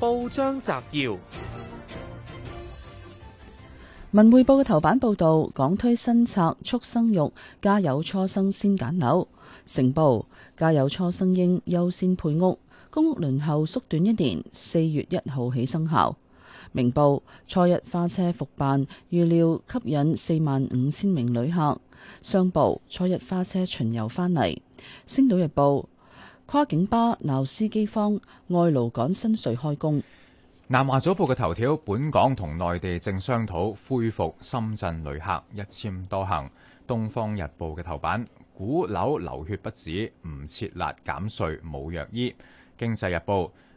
報章摘要：《文匯報》嘅頭版報道，港推新策促生育，家有初生先揀樓；《成報》家有初生嬰優先配屋，公屋輪候縮短一年，四月一號起生效。《明報》初一花車復辦，預料吸引四萬五千名旅客。《商報》初一花車巡遊返嚟，《星島日報》。跨境巴鬧司機荒，外勞趕新歲開工。《南華早報》嘅頭條，本港同內地正商討恢復深圳旅客一簽多行。《東方日報》嘅頭版，股樓流血不止，唔撤辣減稅冇藥醫。藥《經濟日報》，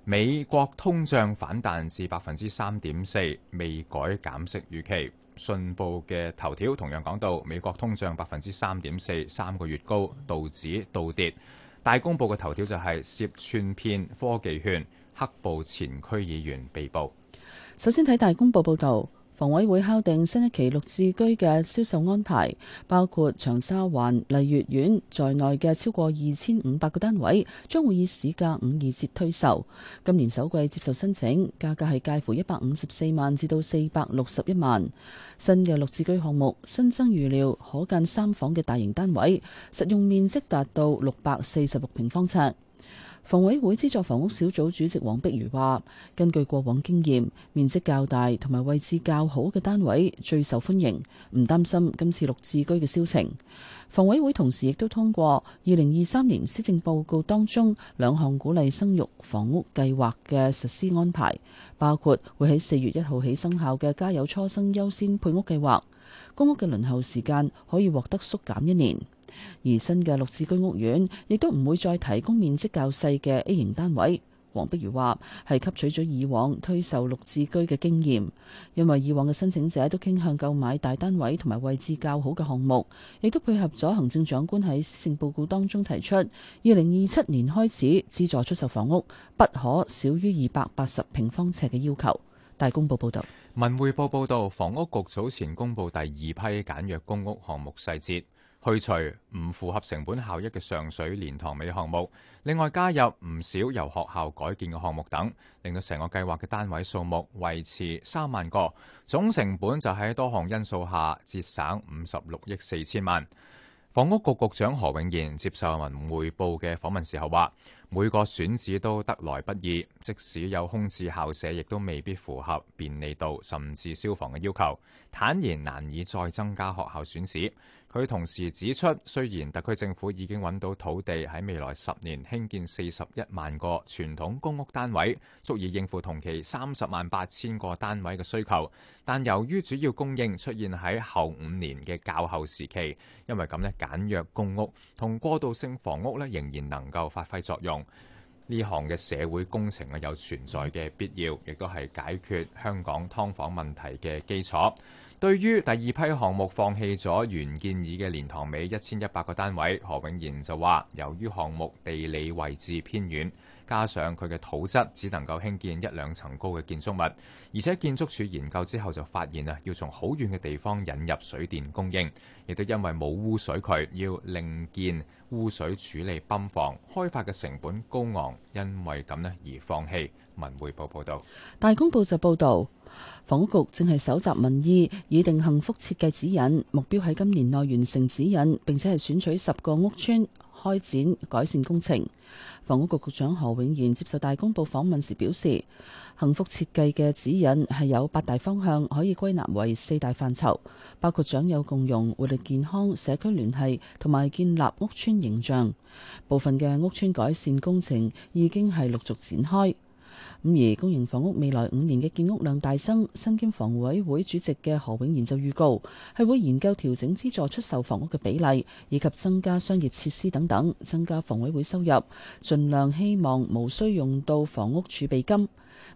美國通脹反彈至百分之三點四，未改減息預期。《信報》嘅頭條同樣講到美國通脹百分之三點四，三個月高，道指倒跌。大公報嘅頭條就係涉串騙科技圈，黑暴前區議員被捕。首先睇大公報報導。房委會敲定新一期綠置居嘅銷售安排，包括長沙灣、麗玥苑在內嘅超過二千五百個單位，將會以市價五二折推售。今年首季接受申請，價格係介乎一百五十四萬至到四百六十一萬。新嘅綠置居項目新增預料可間三房嘅大型單位，實用面積達到六百四十六平方尺。房委會資助房屋小組主席黃碧如話，根據過往經驗，面積較大同埋位置較好嘅單位最受歡迎，唔擔心今次綠置居嘅銷情。房委會同時亦都通過二零二三年施政報告當中兩項鼓勵生育房屋計劃嘅實施安排，包括會喺四月一號起生效嘅家有初生優先配屋計劃，公屋嘅輪候時間可以獲得縮減一年。而新嘅綠置居屋苑亦都唔會再提供面積較細嘅 A 型單位。黃碧如話係吸取咗以往推售綠置居嘅經驗，因為以往嘅申請者都傾向購買大單位同埋位置較好嘅項目，亦都配合咗行政長官喺施政報告當中提出，二零二七年開始資助出售房屋不可少於二百八十平方尺嘅要求。大公報報道，文匯報報道，房屋局早前公布第二批簡約公屋項目細節。去除唔符合成本效益嘅上水蓮塘尾項目，另外加入唔少由學校改建嘅項目等，令到成個計劃嘅單位數目維持三萬個，總成本就喺多項因素下節省五十六億四千萬。房屋局局長何永賢接受文匯報嘅訪問時候話。每個選址都得來不易，即使有空置校舍，亦都未必符合便利度甚至消防嘅要求。坦言難以再增加學校選址。佢同時指出，雖然特區政府已經揾到土地喺未來十年興建四十一萬個傳統公屋單位，足以應付同期三十萬八千個單位嘅需求，但由於主要供應出現喺後五年嘅較後時期，因為咁呢，簡約公屋同過渡性房屋呢，仍然能夠發揮作用。呢項嘅社會工程啊，有存在嘅必要，亦都係解決香港劏房問題嘅基礎。對於第二批項目放棄咗原建議嘅蓮塘尾一千一百個單位，何永賢就話，由於項目地理位置偏遠。加上佢嘅土質只能夠興建一兩層高嘅建築物，而且建築署研究之後就發現啊，要從好遠嘅地方引入水電供應，亦都因為冇污水渠，要另建污水處理泵房，開發嘅成本高昂，因為咁呢，而放棄。文匯報報道，大公報就報道房屋局正係搜集民意，擬定幸福設計指引，目標喺今年內完成指引，並且係選取十個屋村開展改善工程。房屋局局長何永賢接受大公報訪問時表示，幸福設計嘅指引係有八大方向，可以歸納為四大範疇，包括長幼共融、活力健康、社區聯繫同埋建立屋邨形象。部分嘅屋邨改善工程已經係陸續展開。咁而公營房屋未來五年嘅建屋量大增，身兼房委會主席嘅何永賢就預告係會研究調整資助出售房屋嘅比例，以及增加商業設施等等，增加房委會收入，盡量希望無需用到房屋儲備金。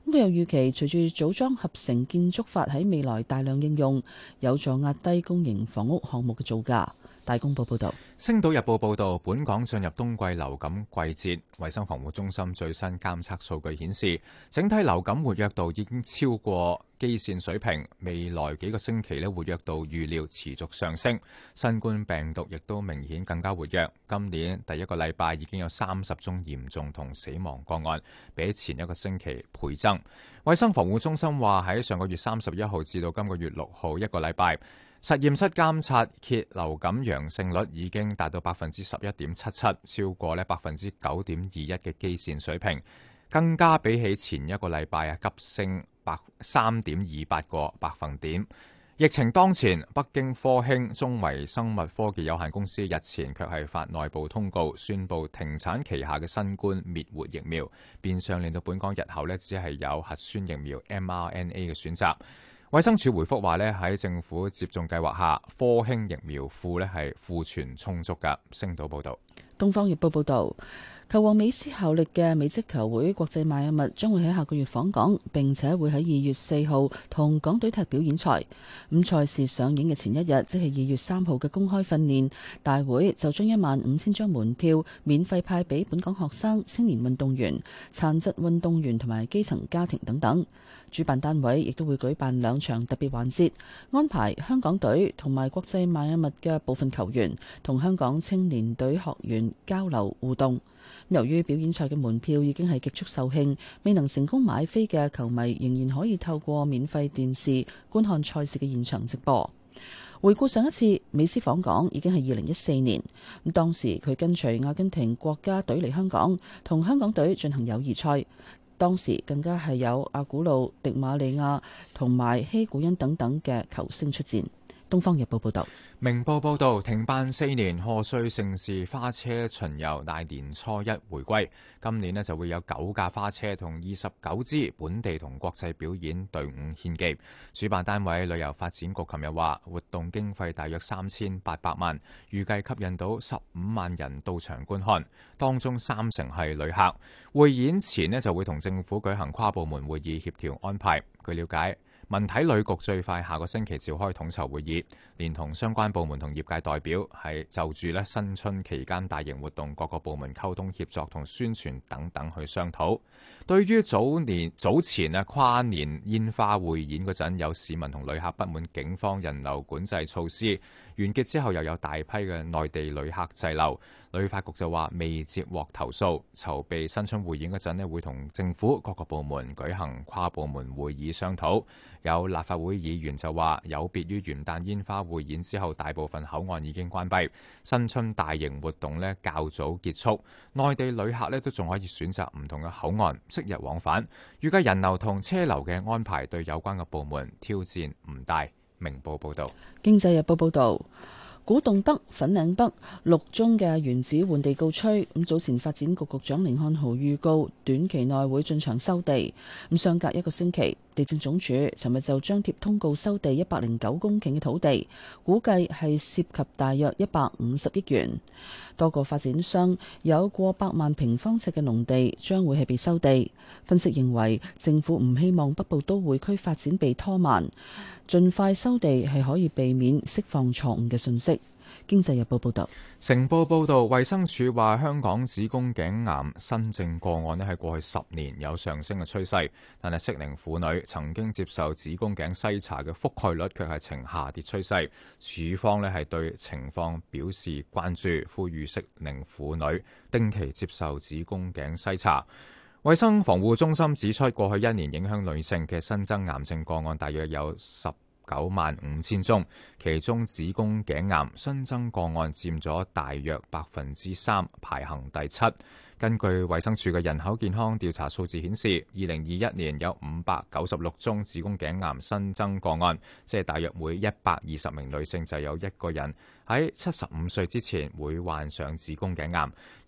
咁佢又預期，隨住組裝合成建築法喺未來大量應用，有助壓低公營房屋項目嘅造價。大公報報道。《星島日報》報道，本港進入冬季流感季節。衛生防護中心最新監測數據顯示，整體流感活躍度已經超過基線水平。未來幾個星期咧，活躍度預料持續上升。新冠病毒亦都明顯更加活躍。今年第一個禮拜已經有三十宗嚴重同死亡個案，比前一個星期倍增。衛生防護中心話喺上個月三十一號至到今個月六號一個禮拜，實驗室監測血流感陽性率已經。達到百分之十一點七七，超過咧百分之九點二一嘅基線水平，更加比起前一個禮拜啊急升百三點二八個百分點。疫情當前，北京科興中維生物科技有限公司日前卻係發內部通告宣布停產旗下嘅新冠滅活疫苗，變相令到本港日後呢只係有核酸疫苗 mRNA 嘅選擇。衛生署回覆話呢，喺政府接種計劃下，科興疫苗庫呢係庫存充足㗎。星島報道，東方日報報道。球王美斯效力嘅美職球會國際邁阿密將會喺下個月訪港，並且會喺二月四號同港隊踢表演賽。咁賽事上演嘅前一日，即係二月三號嘅公開訓練，大會就將一萬五千張門票免費派俾本港學生、青年運動員、殘疾運動員同埋基層家庭等等。主辦單位亦都會舉辦兩場特別環節，安排香港隊同埋國際邁阿密嘅部分球員同香港青年隊學員交流互動。由於表演賽嘅門票已經係極速售罄，未能成功買飛嘅球迷仍然可以透過免費電視觀看賽事嘅現場直播。回顧上一次美斯訪港已經係二零一四年，咁當時佢跟隨阿根廷國家隊嚟香港同香港隊進行友誼賽，當時更加係有阿古路、迪馬利亞同埋希古恩等等嘅球星出戰。東方日報報道，明報報道，停辦四年賀歲盛事花車巡遊大年初一回歸，今年呢就會有九架花車同二十九支本地同國際表演隊伍獻技。主辦單位旅遊發展局琴日話，活動經費大約三千八百萬，預計吸引到十五萬人到場觀看，當中三成係旅客。匯演前呢就會同政府舉行跨部門會議協調安排。據了解。文體旅局最快下個星期召開統籌會議，連同相關部門同業界代表係就住咧新春期間大型活動，各個部門溝通協作同宣傳等等去商討。對於早年早前啊跨年煙花匯演嗰陣有市民同旅客不滿警方人流管制措施。完結之後，又有大批嘅內地旅客滯留，旅發局就話未接獲投訴。籌備新春匯演嗰陣呢，會同政府各個部門舉行跨部門會議商討。有立法會議員就話，有別於元旦煙花匯演之後大部分口岸已經關閉，新春大型活動呢較早結束，內地旅客呢都仲可以選擇唔同嘅口岸即日往返。預計人流同車流嘅安排對有關嘅部門挑戰唔大。明報報道：《經濟日報》報道。古洞北、粉嶺北、六宗嘅原址換地告吹，咁早前發展局局長甯漢豪預告，短期內會進場收地。咁相隔一個星期，地政總署尋日就張貼通告，收地一百零九公頃嘅土地，估計係涉及大約一百五十億元。多個發展商有過百萬平方尺嘅農地將會係被收地。分析認為，政府唔希望北部都會區發展被拖慢，盡快收地係可以避免釋放錯誤嘅信息。經濟日報報道，成報報道，衛生署話香港子宮頸癌新症個案咧喺過去十年有上升嘅趨勢，但係適齡婦女曾經接受子宮頸篩查嘅覆蓋率卻係呈下跌趨勢。署方咧係對情況表示關注，呼籲適齡婦女定期接受子宮頸篩查。衛生防護中心指出，過去一年影響女性嘅新增癌症個案大約有十。九萬五千宗，其中子宮頸癌新增個案占咗大約百分之三，排行第七。根據衛生署嘅人口健康調查數字顯示，二零二一年有五百九十六宗子宮頸癌新增個案，即係大約每一百二十名女性就有一個人喺七十五歲之前會患上子宮頸癌。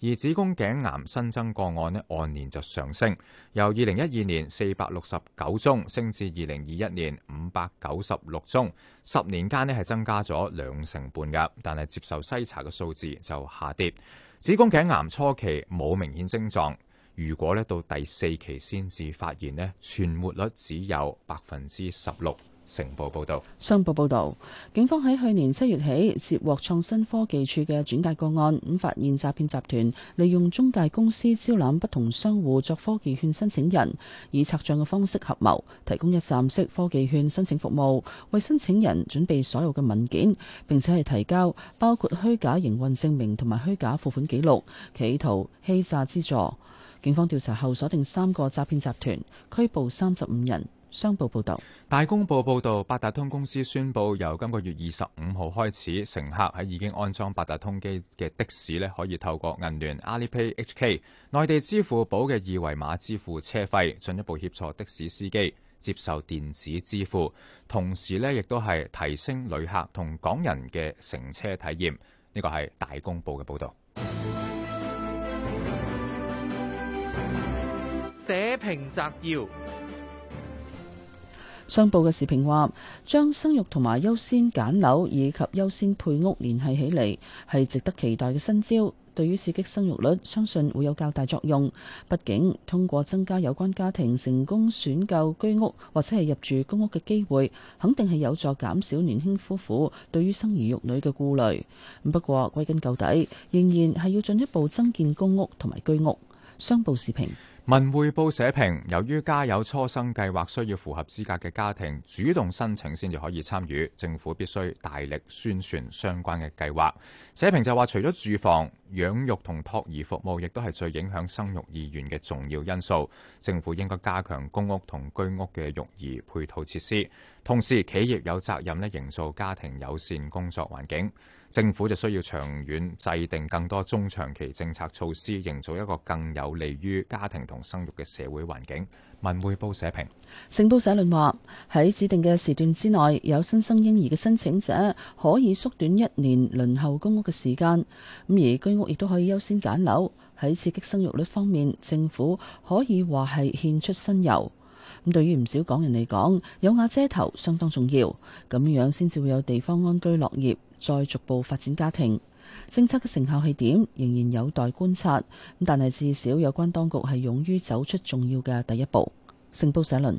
而子宮頸癌新增個案呢，按年就上升，由二零一二年四百六十九宗升至二零二一年五百九十六宗，十年間呢係增加咗兩成半㗎。但係接受篩查嘅數字就下跌。子宮頸癌初期冇明顯症狀，如果到第四期先至發現咧，存活率只有百分之十六。成報報導，商報報道，警方喺去年七月起接獲創新科技署嘅轉介個案，咁發現詐騙集團利用中介公司招攬不同商戶作科技券申請人，以拆帳嘅方式合謀，提供一站式科技券申請服務，為申請人準備所有嘅文件，並且係提交包括虛假營運證明同埋虛假付款記錄，企圖欺詐資助。警方調查後鎖定三個詐騙集團，拘捕三十五人。商報報道，大公報報道，八達通公司宣布，由今個月二十五號開始，乘客喺已經安裝八達通機嘅的，的士咧，可以透過銀聯、Alipay HK、內地支付寶嘅二維碼支付車費，進一步協助的士司機接受電子支付，同時咧亦都係提升旅客同港人嘅乘車體驗。呢、這個係大公報嘅報道。社評摘要。商報嘅時評話，將生育同埋優先揀樓以及優先配屋聯繫起嚟，係值得期待嘅新招，對於刺激生育率，相信會有較大作用。畢竟通過增加有關家庭成功選購居屋或者係入住公屋嘅機會，肯定係有助減少年輕夫婦對於生兒育女嘅顧慮。不過歸根究底，仍然係要進一步增建公屋同埋居屋。商報時評。文匯報社評：由於家有初生計劃，需要符合資格嘅家庭主動申請，先至可以參與。政府必須大力宣傳相關嘅計劃。社評就話，除咗住房、養育同托兒服務，亦都係最影響生育意願嘅重要因素。政府應該加強公屋同居屋嘅育兒配套設施，同時企業有責任嚟營造家庭友善工作環境。政府就需要長遠制定更多中長期政策措施，營造一個更有利於家庭同生育嘅社會環境。文匯報社評。成報社論話喺指定嘅時段之內，有新生嬰兒嘅申請者可以縮短一年輪候公屋嘅時間。咁而居屋亦都可以優先揀樓，喺刺激生育率方面，政府可以話係獻出新油。咁對於唔少港人嚟講，有瓦遮頭相當重要，咁樣先至會有地方安居樂業，再逐步發展家庭。政策嘅成效係點，仍然有待觀察。但係至少有關當局係勇於走出重要嘅第一步。成報社論，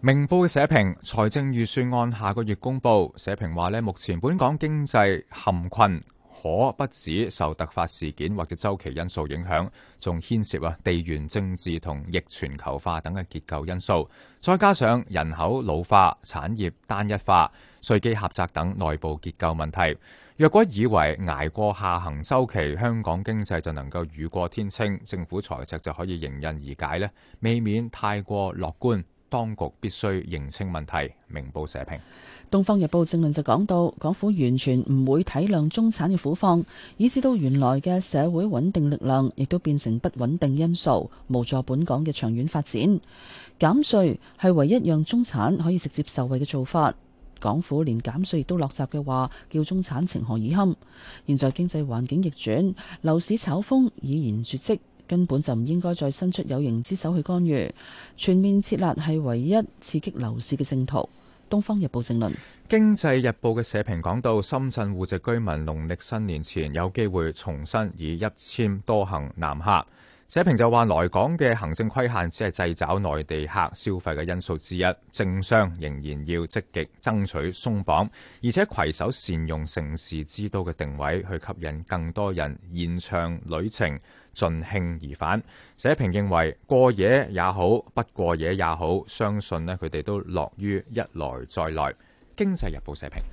明報社評，財政預算案下個月公布。社評話呢，目前本港經濟陷困。可不止受突發事件或者周期因素影響，仲牽涉啊地緣政治同逆全球化等嘅結構因素，再加上人口老化、產業單一化、稅基狹窄等內部結構問題。若果以為捱過下行週期，香港經濟就能夠雨過天晴，政府財赤就可以迎刃而解呢，未免太過樂觀。當局必須認清問題，明報社評。《東方日報》正論就講到，港府完全唔會體諒中產嘅苦況，以致到原來嘅社會穩定力量，亦都變成不穩定因素，無助本港嘅長遠發展。減稅係唯一讓中產可以直接受惠嘅做法。港府連減稅都落閘嘅話，叫中產情何以堪？現在經濟環境逆轉，樓市炒風已然絕跡。根本就唔應該再伸出有形之手去干預，全面設立係唯一刺激樓市嘅正途。《東方日報》正論，《經濟日報》嘅社評講到，深圳戶籍居民農曆新年前有機會重新以一簽多行南客。社評就話，來港嘅行政規限只係製造內地客消費嘅因素之一，政商仍然要積極爭取鬆綁，而且攜手善用城市之都嘅定位，去吸引更多人延長旅程。盡興而返。社評認為過夜也好，不過夜也好，相信咧佢哋都樂於一來再來。經濟日報社評。